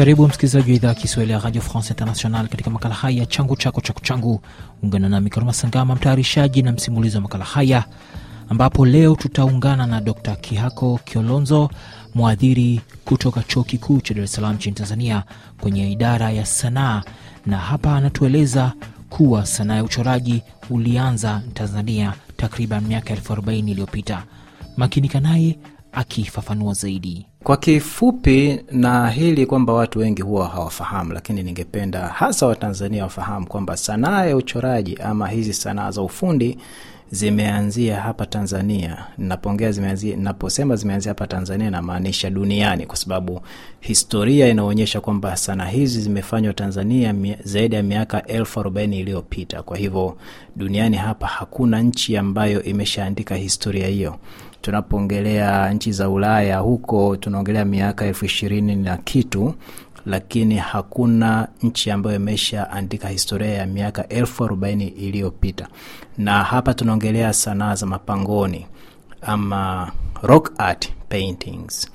Karibu msikilizaji wa idhaa ya Kiswahili ya Radio France International katika makala haya changu chako chako changu. Ungana na mikaruma Sangama, mtayarishaji na msimulizi wa makala haya, ambapo leo tutaungana na Dr Kihako Kiolonzo, mwadhiri kutoka Chuo Kikuu cha Dar es Salaam nchini Tanzania, kwenye idara ya sanaa, na hapa anatueleza kuwa sanaa ya uchoraji ulianza Tanzania takriban miaka 40 iliyopita. Makinika naye akifafanua zaidi. Kwa kifupi, na hili kwamba watu wengi huwa hawafahamu, lakini ningependa hasa Watanzania wafahamu kwamba sanaa ya uchoraji ama hizi sanaa za ufundi zimeanzia hapa Tanzania. Napongea naposema zimeanzia hapa Tanzania namaanisha duniani, kwa sababu historia inaonyesha kwamba sanaa hizi zimefanywa Tanzania zaidi ya miaka elfu arobaini iliyopita. Kwa hivyo duniani hapa hakuna nchi ambayo imeshaandika historia hiyo tunapoongelea nchi za Ulaya huko tunaongelea miaka elfu ishirini na kitu lakini hakuna nchi ambayo imeshaandika historia ya miaka elfu arobaini iliyopita, na hapa tunaongelea sanaa za mapangoni ama rock art paintings.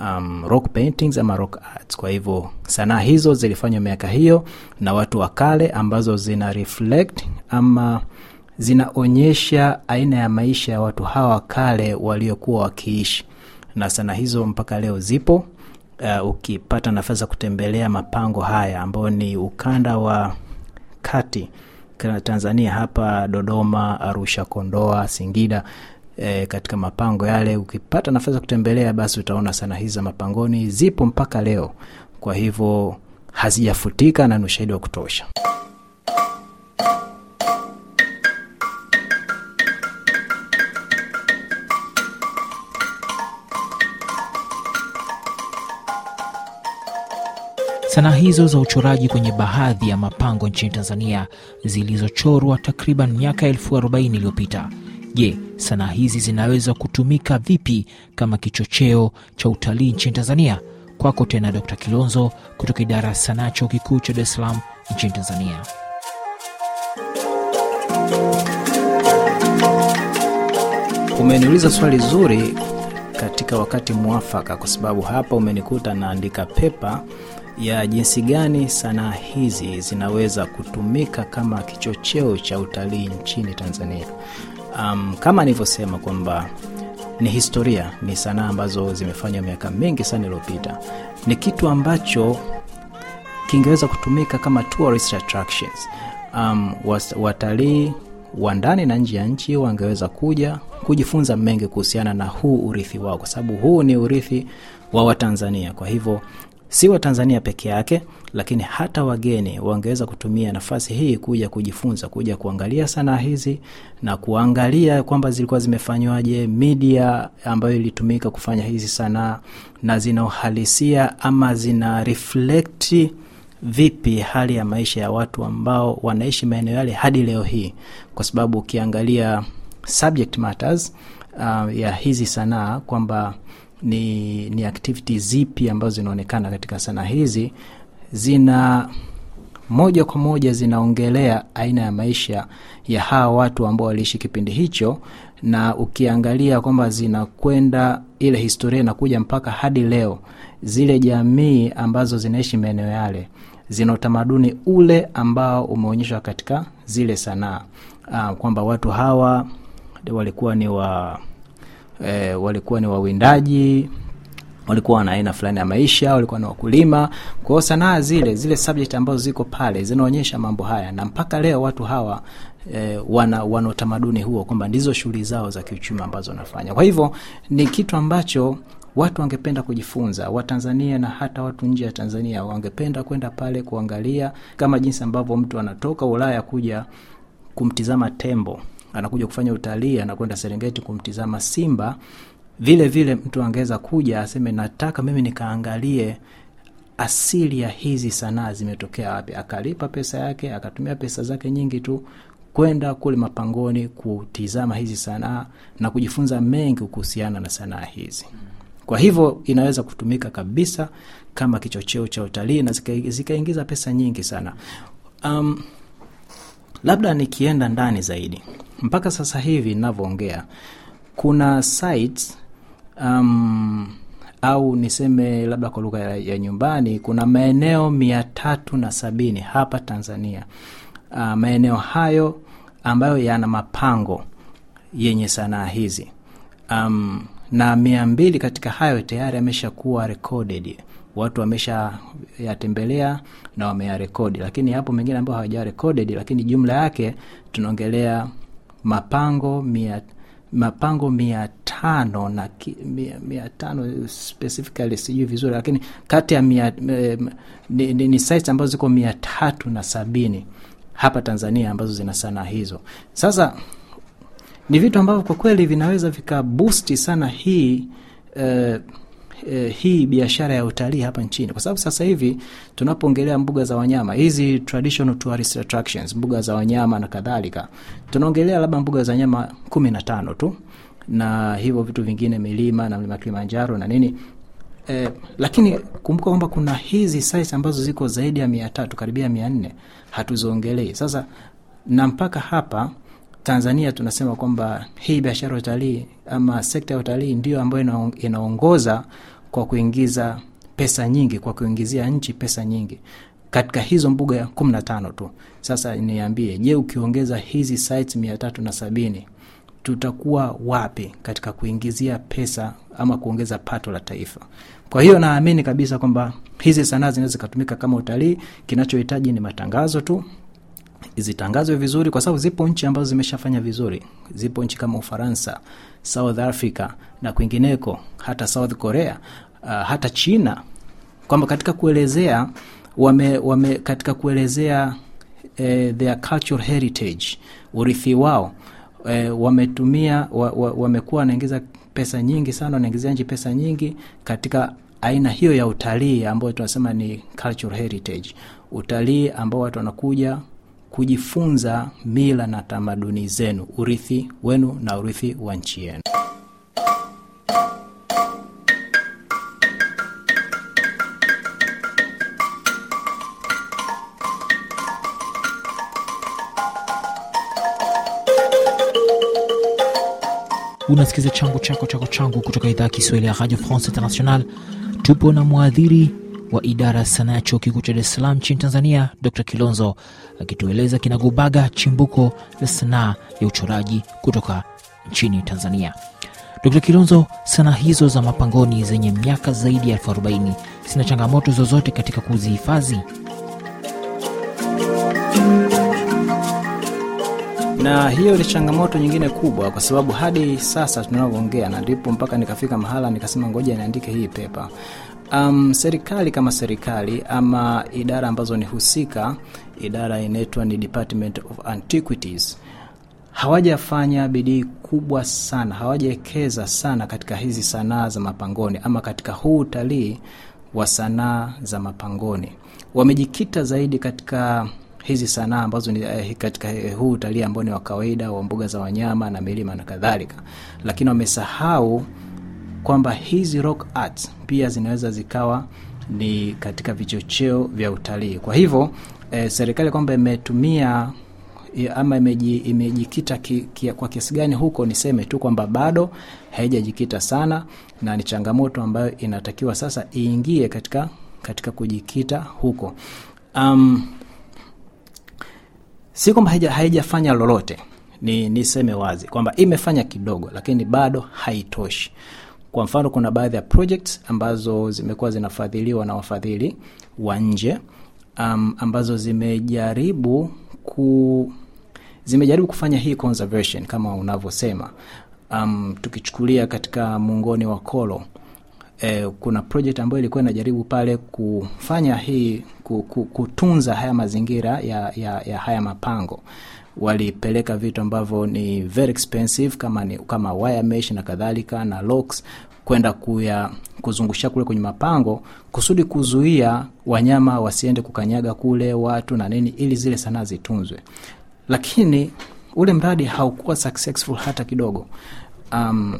Um, rock paintings ama rock arts. Kwa hivyo sanaa hizo zilifanywa miaka hiyo na watu wa kale ambazo zina reflect ama zinaonyesha aina ya maisha ya watu hawa kale waliokuwa wakiishi, na sana hizo mpaka leo zipo. Uh, ukipata nafasi ya kutembelea mapango haya ambao ni ukanda wa kati Tanzania hapa Dodoma, Arusha, Kondoa, Singida e, katika mapango yale ukipata nafasi ya kutembelea basi utaona sana hizi za mapangoni zipo mpaka leo, kwa hivyo hazijafutika na ni ushahidi wa kutosha. Sanaa hizo za uchoraji kwenye baadhi ya mapango nchini Tanzania zilizochorwa takriban miaka elfu arobaini iliyopita. Je, sanaa hizi zinaweza kutumika vipi kama kichocheo cha utalii nchini Tanzania? Kwako tena d Kilonzo kutoka idara ya sanaa chuo kikuu cha Dar es Salaam nchini Tanzania. Umeniuliza swali zuri katika wakati mwafaka, kwa sababu hapa umenikuta naandika pepa ya jinsi gani sanaa hizi zinaweza kutumika kama kichocheo cha utalii nchini Tanzania. Um, kama nilivyosema kwamba ni historia, ni sanaa ambazo zimefanywa miaka mingi sana iliyopita. Ni kitu ambacho kingeweza kutumika kama tourist attractions. Um, watalii wa ndani na nje ya nchi wangeweza kuja kujifunza mengi kuhusiana na huu urithi wao, kwa sababu huu ni urithi wa Watanzania. Kwa hivyo si wa tanzania peke yake, lakini hata wageni wangeweza kutumia nafasi hii kuja kujifunza, kuja kuangalia sanaa hizi na kuangalia kwamba zilikuwa zimefanywaje, media ambayo ilitumika kufanya hizi sanaa na zina uhalisia ama zina reflect vipi hali ya maisha ya watu ambao wanaishi maeneo yale hadi leo hii, kwa sababu ukiangalia subject matters uh, ya hizi sanaa kwamba ni, ni activity zipi ambazo zinaonekana katika sanaa hizi zina moja kwa moja zinaongelea aina ya maisha ya hawa watu ambao waliishi kipindi hicho, na ukiangalia kwamba zinakwenda ile historia inakuja mpaka hadi leo, zile jamii ambazo zinaishi maeneo yale zina utamaduni ule ambao umeonyeshwa katika zile sanaa, ah, kwamba watu hawa walikuwa ni wa e, walikuwa ni wawindaji walikuwa na aina fulani ya maisha, walikuwa ni wakulima. kwao sanaa zile zile subject ambazo ziko pale zinaonyesha mambo haya, na mpaka leo watu hawa e, wana, wana utamaduni huo kwamba ndizo shughuli zao za kiuchumi ambazo wanafanya. Kwa hivyo ni kitu ambacho watu wangependa kujifunza, Watanzania na hata watu nje ya Tanzania wangependa kwenda pale kuangalia, kama jinsi ambavyo mtu anatoka Ulaya kuja kumtizama tembo anakuja kufanya utalii, anakwenda Serengeti kumtizama simba. Vile vile mtu angeweza kuja aseme, nataka mimi nikaangalie asili ya hizi sanaa zimetokea wapi, akalipa pesa yake, akatumia pesa zake nyingi tu kwenda kule mapangoni kutizama hizi sanaa na kujifunza mengi kuhusiana na sanaa hizi. Kwa hivyo inaweza kutumika kabisa kama kichocheo cha utalii na zikaingiza zika pesa nyingi sana. Um, Labda nikienda ndani zaidi, mpaka sasa hivi ninavyoongea, kuna sites um, au niseme labda kwa lugha ya, nyumbani, kuna maeneo mia tatu na sabini hapa Tanzania. Uh, maeneo hayo ambayo yana mapango yenye sanaa hizi um, na mia mbili katika hayo tayari amesha recorded, watu wamesha wameyatembelea na wameyarekodi, lakini yapo mengine ambayo hawajarekodi, lakini jumla yake tunaongelea mapango mia mapango mia tano na ki, mia, mia tano specifically sijui vizuri, lakini kati ya mia, mia, eh, ni, ni, ni sites ambazo ziko mia tatu na sabini hapa Tanzania ambazo zina sanaa hizo. Sasa ni vitu ambavyo kwa kweli vinaweza vikabusti sana hii eh, eh, hii biashara ya utalii hapa nchini, kwa sababu sasa hivi tunapoongelea mbuga za wanyama hizi traditional tourist attractions, mbuga za wanyama na kadhalika, tunaongelea labda mbuga za wanyama kumi na tano tu na hivyo vitu vingine, milima na mlima Kilimanjaro na nini Eh, lakini kumbuka kwamba kuna hizi sites ambazo ziko zaidi ya mia tatu karibia mia nne hatuziongelei sasa, na mpaka hapa Tanzania tunasema kwamba hii biashara ya utalii ama sekta ya utalii ndio ambayo inaongoza kwa kuingiza pesa nyingi, kwa kuingizia nchi pesa nyingi katika hizo mbuga kumi na tano tu. Sasa niambie, je, ukiongeza hizi sites mia tatu na sabini tutakuwa wapi katika kuingizia pesa ama kuongeza pato la taifa? Kwa hiyo naamini kabisa kwamba hizi sanaa zinaweza zikatumika kama utalii, kinachohitaji ni matangazo tu zitangazwe vizuri, kwa sababu zipo nchi ambazo zimeshafanya vizuri. Zipo nchi kama Ufaransa, South Africa na kwingineko, hata South Korea, uh, hata China, kwamba katika kuelezea wame, wame katika kuelezea eh, their cultural heritage, urithi wao eh, wametumia wa, wa, wamekuwa wanaingiza pesa nyingi sana, wanaingizia nchi pesa nyingi katika aina hiyo ya utalii ambayo tunasema ni cultural heritage, utalii ambao watu wanakuja kujifunza mila na tamaduni zenu, urithi wenu na urithi wa nchi yenu. Unasikiza changu chako chako changu kutoka idhaa ya Kiswahili ya Radio France International. Tupo na mwadhiri wa idara ya sanaa ya chuo kikuu cha Dar es Salaam nchini Tanzania, Dr Kilonzo akitueleza kinagubaga chimbuko la sanaa ya uchoraji kutoka nchini Tanzania. Dr Kilonzo, sanaa hizo za mapangoni zenye miaka zaidi ya elfu arobaini zina changamoto zozote katika kuzihifadhi? na hiyo ni changamoto nyingine kubwa, kwa sababu hadi sasa tunavyoongea, na ndipo mpaka nikafika mahala nikasema ngoja niandike hii pepa. Um, serikali kama serikali ama idara ambazo ni husika, idara inaitwa ni Department of Antiquities hawajafanya bidii kubwa sana, hawajawekeza sana katika hizi sanaa za mapangoni ama katika huu utalii wa sanaa za mapangoni. Wamejikita zaidi katika hizi sanaa ambazo ni eh, katika eh, huu utalii ambao ni wa kawaida wa mbuga za wanyama na milima na kadhalika, lakini wamesahau kwamba hizi rock art pia zinaweza zikawa ni katika vichocheo vya utalii. Kwa hivyo e, serikali kwamba imetumia ama imejikita ki, ki, kwa kiasi gani huko, niseme tu kwamba bado haijajikita sana, na ni changamoto ambayo inatakiwa sasa iingie katika, katika kujikita huko. Um, si kwamba haijafanya lolote, ni niseme wazi kwamba imefanya kidogo, lakini bado haitoshi. Kwa mfano, kuna baadhi ya projects ambazo zimekuwa zinafadhiliwa na wafadhili wa nje um, ambazo zimejaribu ku zimejaribu kufanya hii conservation kama unavyosema. Um, tukichukulia katika muungoni wa Kolo eh, kuna project ambayo ilikuwa inajaribu pale kufanya hii kutunza haya mazingira ya, ya, ya haya mapango walipeleka vitu ambavyo ni very expensive kama, ni, kama wire mesh na kadhalika na locks kwenda kuya kuzungusha kule kwenye mapango kusudi kuzuia wanyama wasiende kukanyaga kule watu na nini, ili zile sanaa zitunzwe, lakini ule mradi haukuwa successful hata kidogo. Um,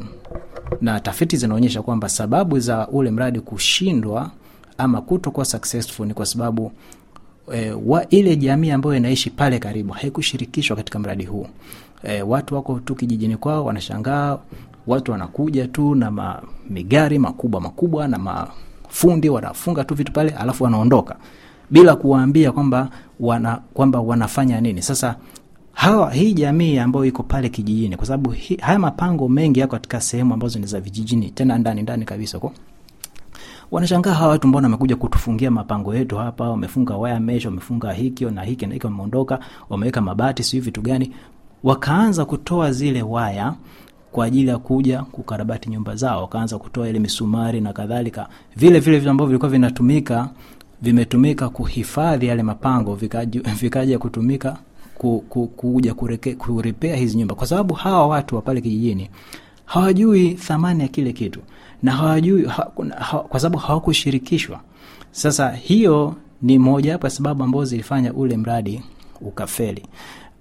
na tafiti zinaonyesha kwamba sababu za ule mradi kushindwa ama kutokuwa successful ni kwa sababu e, wa ile jamii ambayo inaishi pale karibu haikushirikishwa katika mradi huu. E, watu wako tu kijijini kwao, wanashangaa watu wanakuja tu na ma, migari makubwa makubwa na mafundi wanafunga tu vitu pale, alafu wanaondoka bila kuwaambia kwamba wana, kwamba wanafanya nini sasa hawa hii jamii ambayo iko pale kijijini, kwa sababu haya mapango mengi yako katika sehemu ambazo ni za vijijini, tena ndani ndani kabisa huko wanashangaa hawa watu mbona wamekuja kutufungia mapango yetu hapa, wamefunga waya mesh, wamefunga hiki na hiki na hiki, wameondoka wameweka mabati, sijui vitu gani. Wakaanza kutoa zile waya kwa ajili ya kuja kukarabati nyumba zao, wakaanza kutoa ile misumari na kadhalika, vile vile vitu ambavyo vilikuwa vinatumika vimetumika kuhifadhi yale mapango, vikaja kutumika ku, ku, kuja kurepea kuripea hizi nyumba, kwa sababu hawa watu wa pale kijijini hawajui thamani ya kile kitu na hawajui ha, ha, kwa sababu hawakushirikishwa. Sasa hiyo ni moja ya sababu ambazo zilifanya ule mradi ukafeli.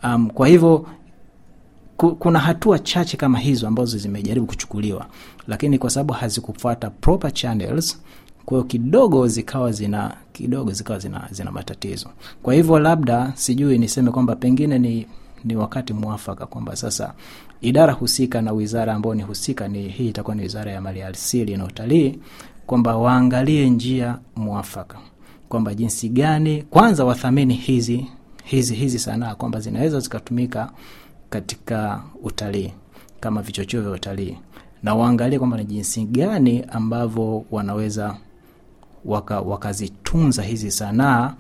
Um, kwa hivyo kuna hatua chache kama hizo ambazo zimejaribu kuchukuliwa, lakini kwa sababu hazikufuata proper channels, kwa hiyo kidogo zikawa zina kidogo zikawa zina, zina matatizo. Kwa hivyo labda sijui niseme kwamba pengine ni, ni wakati mwafaka kwamba sasa idara husika na wizara ambayo ni husika ni hii itakuwa ni wizara ya mali asili na utalii, kwamba waangalie njia mwafaka kwamba jinsi gani kwanza wathamini hizi hizi hizi sanaa kwamba zinaweza zikatumika katika utalii kama vichocheo vya utalii, na waangalie kwamba ni jinsi gani ambavyo wanaweza wakazitunza waka hizi sanaa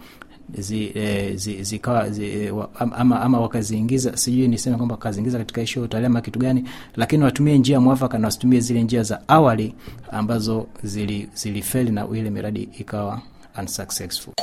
zi, e, zi, zikawa zi, eh, ama, ama wakaziingiza, sijui niseme kwamba wakaziingiza katika ishu ya utaalamu kitu gani, lakini watumie njia mwafaka na wasitumie zile njia za awali ambazo zilifeli zili na ile miradi ikawa unsuccessful.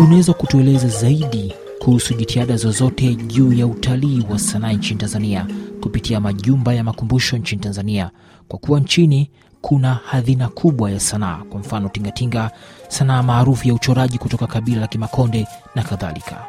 Unaweza kutueleza zaidi kuhusu jitihada zozote juu ya utalii wa sanaa nchini Tanzania kupitia majumba ya makumbusho nchini Tanzania, kwa kuwa nchini kuna hadhina kubwa ya sanaa, kwa mfano tingatinga, sanaa maarufu ya uchoraji kutoka kabila la Kimakonde na kadhalika.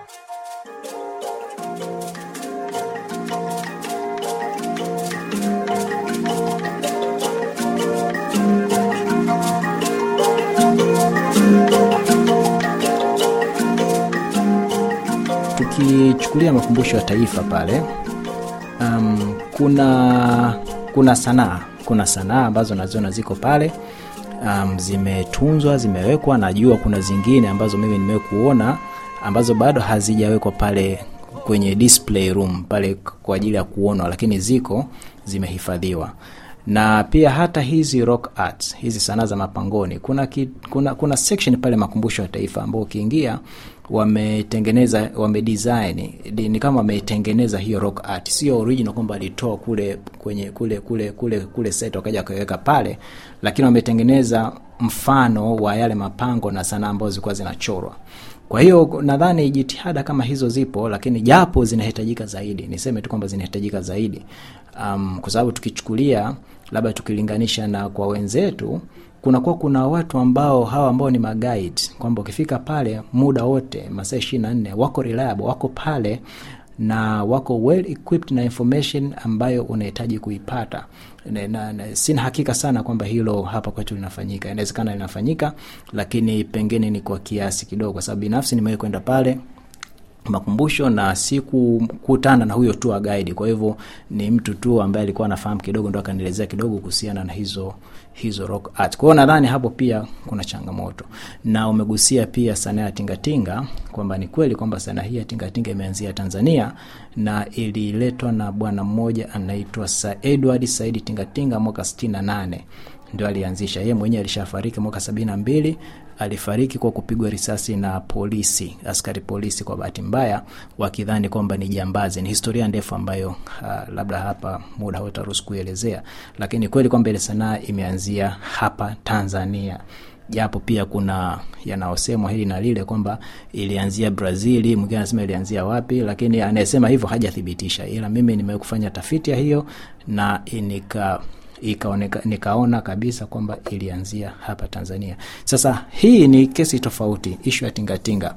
ukichukulia makumbusho ya taifa pale um, kuna kuna sanaa kuna sanaa ambazo naziona ziko pale um, zimetunzwa zimewekwa najua kuna zingine ambazo mimi nimekuona ambazo bado hazijawekwa pale kwenye display room pale kwa ajili ya kuonwa lakini ziko zimehifadhiwa na pia hata hizi rock arts hizi sanaa za mapangoni kuna, ki, kuna, kuna section pale makumbusho ya taifa ambao ukiingia wametengeneza wamedesign ni kama wametengeneza hiyo rock art, sio original kwamba alitoa kule kwenye kule kule kule kule set wakaja wakaweka pale, lakini wametengeneza mfano wa yale mapango na sanaa ambazo zilikuwa zinachorwa. Kwa hiyo nadhani jitihada kama hizo zipo, lakini japo zinahitajika zaidi, niseme tu kwamba zinahitajika zaidi um, kwa sababu tukichukulia labda tukilinganisha na kwa wenzetu kunakuwa kuna watu ambao hawa ambao ni magaidi, kwamba ukifika pale muda wote masaa ishirini na nne wako reliable, wako pale na wako well equipped na information ambayo unahitaji kuipata. Na, na, na, sina hakika sana kwamba hilo hapa kwetu linafanyika. Inawezekana linafanyika, lakini pengine ni kwa kiasi kidogo, kwa sababu binafsi nimewai kwenda pale makumbusho na sikukutana na huyo tour guide. Kwa hivyo ni mtu tu ambaye alikuwa anafahamu kidogo, ndo akanielezea kidogo kuhusiana na hizo hizo rock art. Kwa hiyo nadhani hapo pia kuna changamoto, na umegusia pia sanaa ya tingatinga, kwamba ni kweli kwamba sanaa hii ya tingatinga imeanzia Tanzania na ililetwa na bwana mmoja anaitwa Sir Edward Said Tingatinga mwaka 68 ndio alianzisha. Yeye mwenyewe alishafariki mwaka sabini na mbili. Alifariki kwa kupigwa risasi na polisi, askari polisi, kwa bahati mbaya, wakidhani kwamba ni jambazi. Ni historia ndefu ambayo uh, labda hapa muda hautaruhusu kuelezea, lakini kweli kwamba ile sanaa imeanzia hapa Tanzania japo pia kuna yanayosemwa hili na lile kwamba ilianzia Brazili, mwingine anasema ilianzia wapi, lakini anayesema hivyo hajathibitisha, ila mimi nimekufanya tafiti ya hiyo na nika ikaoneka, nikaona kabisa kwamba ilianzia hapa Tanzania. Sasa hii ni kesi tofauti, ishu ya tingatinga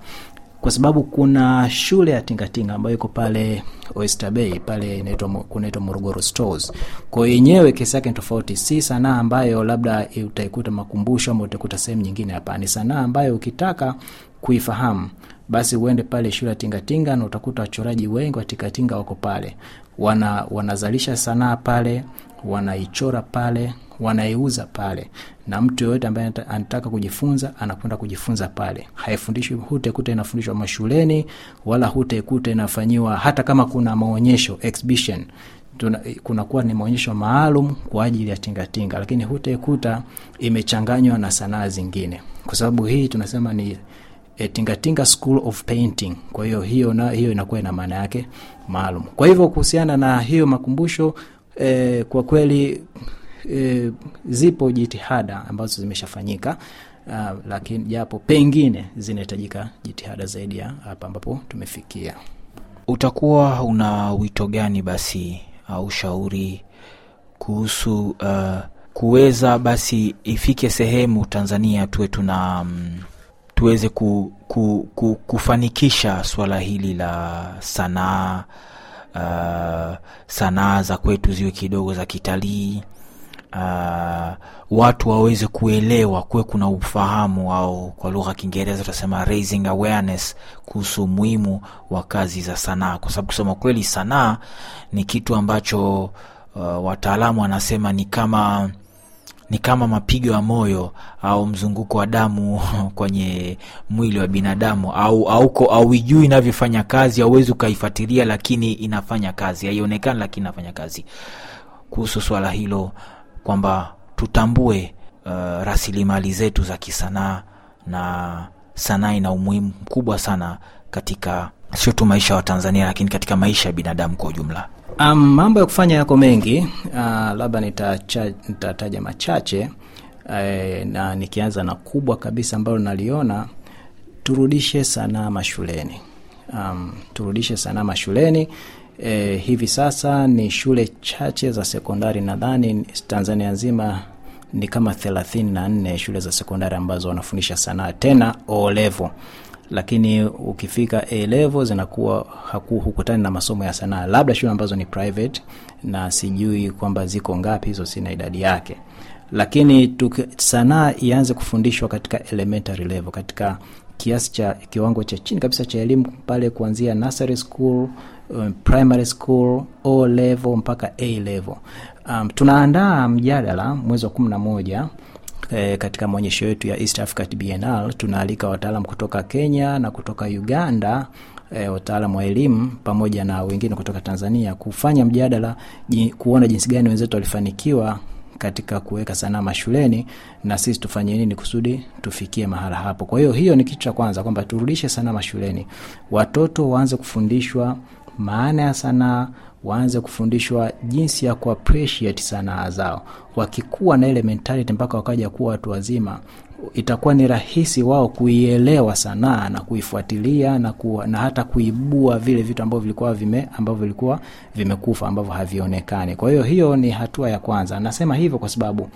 kwa sababu kuna shule ya tingatinga ambayo iko pale Oyster Bay pale kunaitwa Morogoro Stores. Kwa yenyewe kesi yake ni tofauti, si sanaa ambayo labda utaikuta makumbusho ama utaikuta sehemu nyingine. hapa ni sanaa ambayo ukitaka kuifahamu basi uende pale shule ya tingatinga na utakuta wachoraji wengi wa tingatinga wako pale wana wanazalisha sanaa pale wanaichora pale wanaiuza pale na mtu yoyote ambaye anataka kujifunza anakwenda kujifunza pale haifundishwi hutaikuta inafundishwa mashuleni wala hutaikuta inafanyiwa hata kama kuna maonyesho exhibition kunakuwa ni maonyesho maalum kwa ajili ya tingatinga lakini hutaikuta imechanganywa na sanaa zingine kwa sababu hii tunasema ni e, Tingatinga School of Painting. Kwa hiyo hiyo na hiyo inakuwa ina maana yake maalum. Kwa hivyo kuhusiana na hiyo makumbusho e, kwa kweli e, zipo jitihada ambazo zimeshafanyika. Uh, lakini japo pengine zinahitajika jitihada zaidi ya hapa ambapo tumefikia. Utakuwa una wito gani basi au ushauri kuhusu uh, kuweza basi ifike sehemu Tanzania tuwe tuna um, tuweze ku, ku, ku, kufanikisha swala hili la sanaa uh, sanaa za kwetu ziwe kidogo za kitalii uh, watu waweze kuelewa, kuwe kuna ufahamu au kwa lugha ya Kiingereza tunasema raising awareness kuhusu umuhimu wa kazi za sanaa, kwa sababu kusema kweli sanaa ni kitu ambacho uh, wataalamu wanasema ni kama ni kama mapigo ya moyo au mzunguko wa damu kwenye mwili wa binadamu, au auko auijui inavyofanya kazi, auwezi ukaifuatilia, lakini inafanya kazi, haionekani lakini inafanya kazi. Kuhusu swala hilo kwamba tutambue uh, rasilimali zetu za kisanaa na sanaa ina umuhimu mkubwa sana katika sio tu maisha wa Tanzania, lakini katika maisha ya binadamu kwa ujumla. Um, mambo ya kufanya yako mengi uh, labda nitataja machache uh, na nikianza na kubwa kabisa ambalo naliona, turudishe sanaa mashuleni. Um, turudishe sanaa mashuleni. E, hivi sasa ni shule chache za sekondari nadhani Tanzania nzima ni kama thelathini na nne shule za sekondari ambazo wanafundisha sanaa tena olevo lakini ukifika A level zinakuwa haku hukutani na masomo ya sanaa, labda shule ambazo ni private, na sijui kwamba ziko ngapi hizo, sina idadi yake. Lakini sanaa ianze kufundishwa katika elementary level, katika kiasi cha kiwango cha chini kabisa cha elimu pale, kuanzia nursery school, um, primary school, O level mpaka A level. Um, tunaandaa mjadala mwezi wa kumi na moja E, katika maonyesho yetu ya East Africa Biennale tunaalika wataalam kutoka Kenya na kutoka Uganda e, eh, wataalam wa elimu pamoja na wengine kutoka Tanzania kufanya mjadala kuona jinsi gani wenzetu walifanikiwa katika kuweka sanaa mashuleni na sisi tufanye nini kusudi tufikie mahala hapo. Kwa hiyo hiyo ni kitu cha kwanza, kwamba turudishe sanaa mashuleni, watoto waanze kufundishwa maana ya sanaa, waanze kufundishwa jinsi ya kuappreciate sanaa zao. Wakikuwa na ile mentality mpaka wakaja kuwa watu wazima, itakuwa ni rahisi wao kuielewa sanaa na kuifuatilia na, ku, na hata kuibua vile vitu ambavyo vilikuwa vime ambavyo vilikuwa vimekufa ambavyo havionekani. Kwa hiyo hiyo ni hatua ya kwanza. Nasema hivyo kwa sababu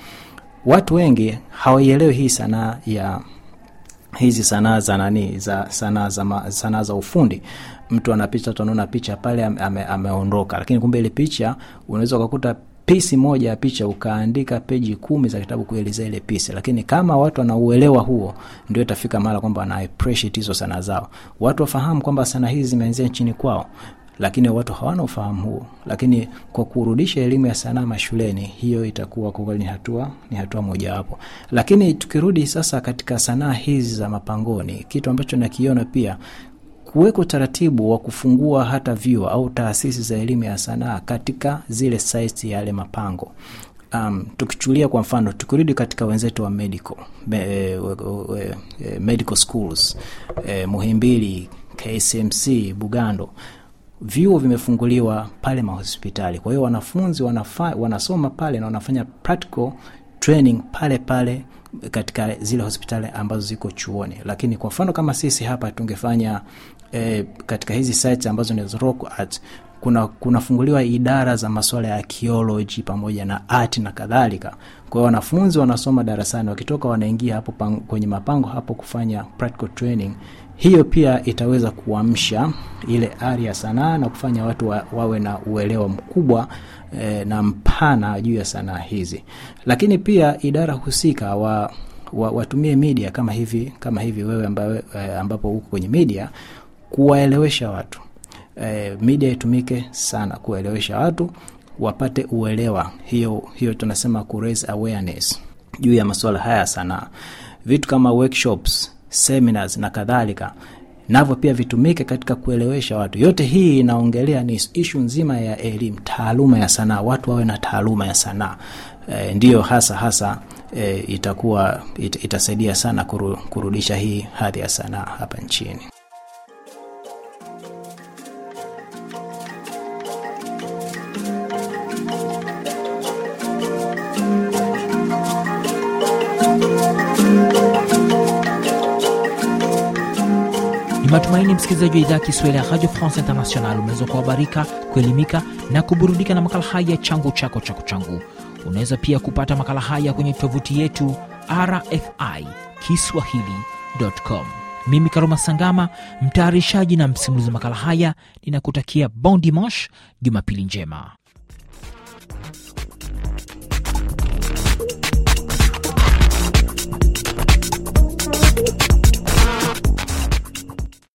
watu wengi hawaielewi hii sanaa ya hizi sanaa za nani za sanaa za sanaa za ufundi mtu ana picha tunaona picha pale ame, ameondoka lakini kumbe ile picha unaweza ukakuta pisi moja ya picha ukaandika peji kumi za kitabu kueleza ile pisi, lakini kama watu wanauelewa huo, ndio itafika mara kwamba wana appreciate hizo sanaa zao. Watu wafahamu kwamba sanaa hizi zimeanzia nchini kwao, lakini watu hawana ufahamu huo. Lakini kwa kurudisha elimu ya sanaa mashuleni, hiyo itakuwa kwa kweli ni hatua ni hatua mojawapo. Lakini tukirudi sasa katika sanaa hizi za mapangoni, kitu ambacho nakiona pia kuweka utaratibu wa kufungua hata vyuo au taasisi za elimu ya sanaa katika zile saiti ya yale mapango. Um, tukichulia kwa mfano, tukirudi katika wenzetu wa medical, me, e, we, we, e, medical schools eh, Muhimbili, KCMC, Bugando vyuo vimefunguliwa pale mahospitali, kwa hiyo wanafunzi wanafa, wanasoma pale na wanafanya practical training pale pale katika zile hospitali ambazo ziko chuoni. Lakini kwa mfano kama sisi hapa tungefanya e, katika hizi sites ambazo ni rock art kuna kunafunguliwa idara za masuala ya archaeology pamoja na art na kadhalika. Kwa hiyo wanafunzi wanasoma darasani, wakitoka wanaingia hapo pang, kwenye mapango hapo kufanya practical training hiyo pia itaweza kuamsha ile ari ya sanaa na kufanya watu wa, wawe na uelewa mkubwa e, na mpana juu ya sanaa hizi, lakini pia idara husika wa, wa, watumie media kama hivi kama hivi wewe ambawe, eh, ambapo huko kwenye media kuwaelewesha watu eh, media itumike sana kuwaelewesha watu wapate uelewa, hiyo hiyo tunasema ku raise awareness juu ya masuala haya ya sanaa, vitu kama workshops seminars na kadhalika, navyo pia vitumike katika kuelewesha watu. Yote hii inaongelea ni ishu nzima ya elimu, taaluma ya sanaa, watu wawe na taaluma ya sanaa. E, ndiyo hasa hasa e, itakuwa it, itasaidia sana kuru, kurudisha hii hadhi ya sanaa hapa nchini. Ni matumaini msikilizaji wa idhaa Kiswahili ya Radio France International umeweza kuhabarika, kuelimika na kuburudika na makala haya changu chako chako changu. Unaweza pia kupata makala haya kwenye tovuti yetu RFI Kiswahili.com. Mimi karoma Sangama, mtayarishaji na msimulizi wa makala haya, ninakutakia bon dimanche, jumapili njema.